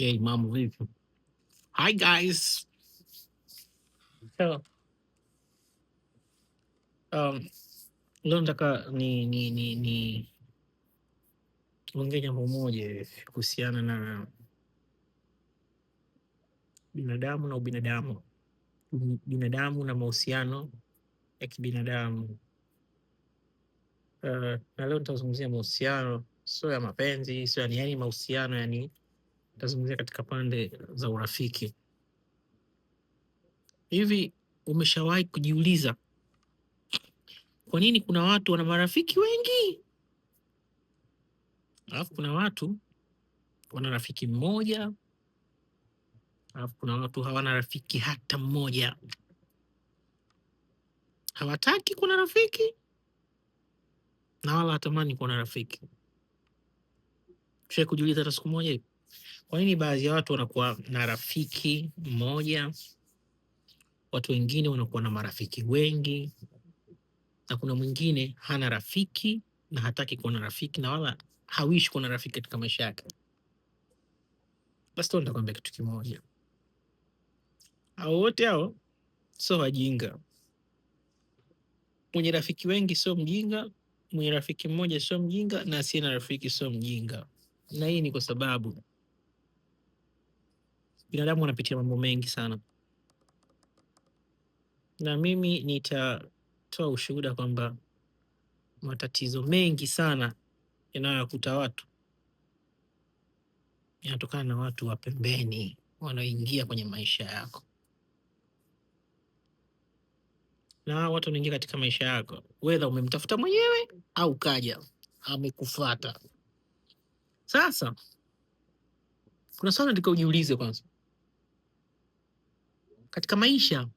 Okay, Mama Lisa. Hi, guys. So, um, leo nataka ni ni ni ni tuongee jambo moja kuhusiana na binadamu na ubinadamu, binadamu na mahusiano ya kibinadamu. Uh, na leo nitazungumzia mahusiano, sio ya mapenzi, sio ya yani, mahusiano yani Tazungumzia katika pande za urafiki. Hivi umeshawahi kujiuliza kwa nini kuna watu wana marafiki wengi alafu kuna watu wana rafiki mmoja alafu kuna watu hawana rafiki hata mmoja? Hawataki kuwa na rafiki na wala hatamani kuwa na rafiki. Ushawahi kujiuliza hata siku moja? Kwa nini baadhi ya watu wanakuwa na rafiki mmoja, watu wengine wanakuwa na marafiki wengi, na kuna mwingine hana rafiki na hataki kuwa na rafiki na wala hawishi kuwa na rafiki katika maisha yake? Basi nitakwambia kitu kimoja, au wote hao sio wajinga. Mwenye rafiki wengi sio mjinga, mwenye rafiki mmoja sio mjinga, na asiye na rafiki sio mjinga. Na hii ni kwa sababu binadamu wanapitia mambo mengi sana, na mimi nitatoa ushuhuda kwamba matatizo mengi sana yanayoyakuta watu yanatokana na watu wa pembeni wanaoingia kwenye maisha yako, na watu wanaingia katika maisha yako, wedha umemtafuta mwenyewe au kaja amekufata. Sasa kuna swala ndika ujiulize kwanza katika maisha.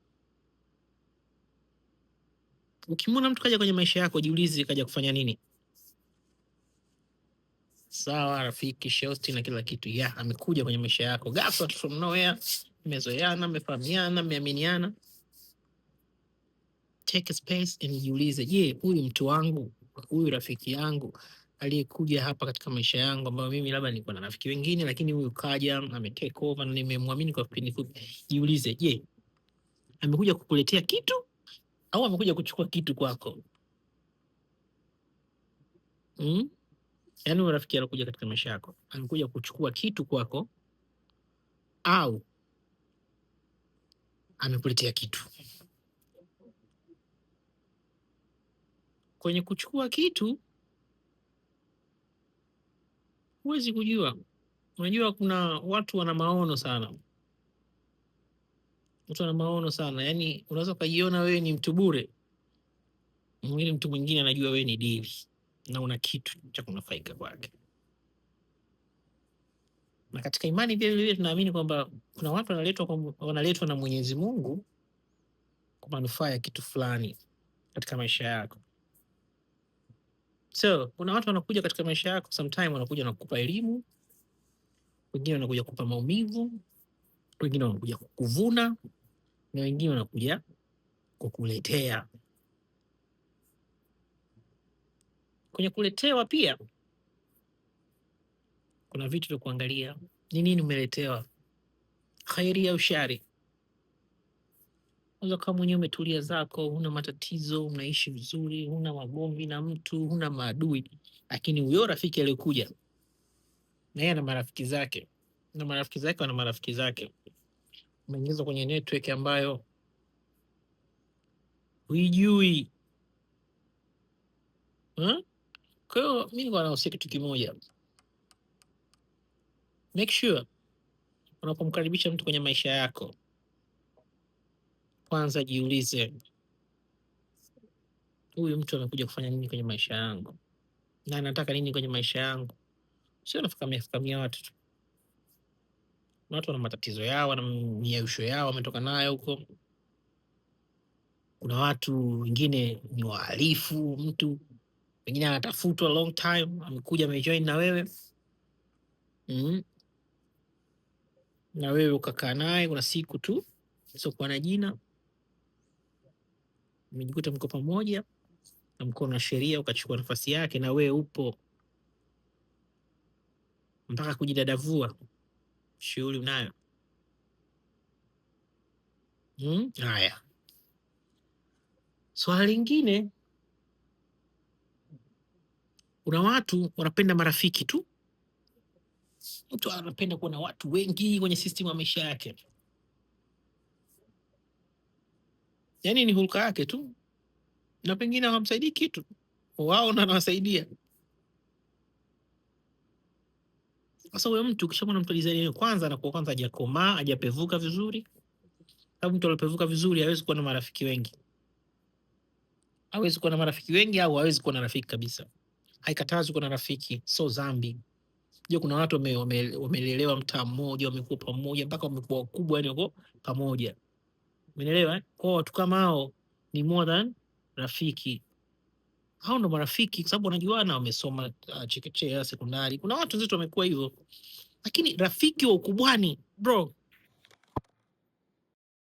Ukimwona mtu kaja kwenye maisha yako, jiulize kaja kufanya nini? Sawa, rafiki shosti na kila kitu ya yeah, amekuja kwenye maisha yako ghafla from nowhere, mmezoeana, mmefahamiana, mmeaminiana. Take a space and jiulize, je, yeah, huyu mtu wangu, huyu rafiki yangu aliyekuja hapa katika maisha yangu, ambayo mimi labda nilikuwa na rafiki wengine, lakini huyu kaja ametake over na nimemwamini kwa kipindi fupi. Jiulize, je, amekuja kukuletea kitu au amekuja kuchukua kitu kwako? Mm? Yaani rafiki alokuja katika maisha yako amekuja kuchukua kitu kwako au amekuletea kitu? Kwenye kuchukua kitu huwezi kujua. Unajua, kuna watu wana maono sana, watu wana maono sana. Yani unaweza ukajiona wewe ni mtu bure, mwingine mtu mwingine anajua wewe ni dili na una kitu cha kunufaika kwake. Na katika imani pia vile vile tunaamini kwamba kuna watu wanaletwa wanaletwa na Mwenyezi Mungu kwa manufaa ya kitu fulani katika maisha yako. So kuna watu wanakuja katika maisha yako, sometime wanakuja na kukupa elimu, wengine wanakuja kukupa maumivu, wengine wanakuja kukuvuna, na wengine wanakuja kukuletea. Kwenye kuletewa pia kuna vitu vya kuangalia, ni nini umeletewa, khairi au shari unaweza ukawa mwenyewe umetulia zako, huna matatizo, unaishi vizuri, huna magomvi na mtu, huna maadui. Lakini huyo rafiki aliyokuja na yeye ana marafiki zake na marafiki zake wana marafiki zake, umeingizwa kwenye network ambayo huijui. Hmm? Kwa hiyo mi nikuwa nausia kitu kimoja, make sure unapomkaribisha mtu kwenye maisha yako kwanza jiulize, huyu mtu amekuja kufanya nini kwenye maisha yangu na anataka nini kwenye maisha yangu? Sio nafukamia watu tu. Watu wana matatizo yao, wana miausho yao, wametoka nayo huko. Kuna watu wengine ni wahalifu, mtu pengine anatafutwa long time, amekuja amejoin na wewe mm. na wewe ukakaa naye, kuna siku tu sokuwa na jina mmejikuta mko pamoja na mkono wa sheria ukachukua nafasi yake, na wewe upo mpaka kujidadavua, shughuli unayo hmm? haya. Hmm? Swala lingine, kuna watu wanapenda marafiki tu. Mtu anapenda kuwa na watu wengi kwenye sistimu ya maisha yake yani ni hulka yake tu, na pengine hawamsaidii kitu wao, na anawasaidia sasa. Huyo mtu ukishamwona mtu ajizaini kwanza, anakuwa kwanza ajakomaa ajapevuka vizuri, sababu mtu aliopevuka vizuri hawezi kuwa na marafiki wengi, awezi kuwa na marafiki wengi au awezi kuwa na rafiki kabisa. Haikatazi kuwa na rafiki, so zambi jua kuna watu wamelelewa wame, wame mtaa mmoja wamekuwa pamoja mpaka wamekuwa wakubwa, yani wako pamoja Umeelewa? Eh? Kwa watu kama hao ni more than rafiki. Hao ndo marafiki kwa sababu wanajuana, wamesoma uh, chekechea, sekondari. Kuna watu wenzetu wamekuwa hivyo, lakini rafiki wa ukubwani bro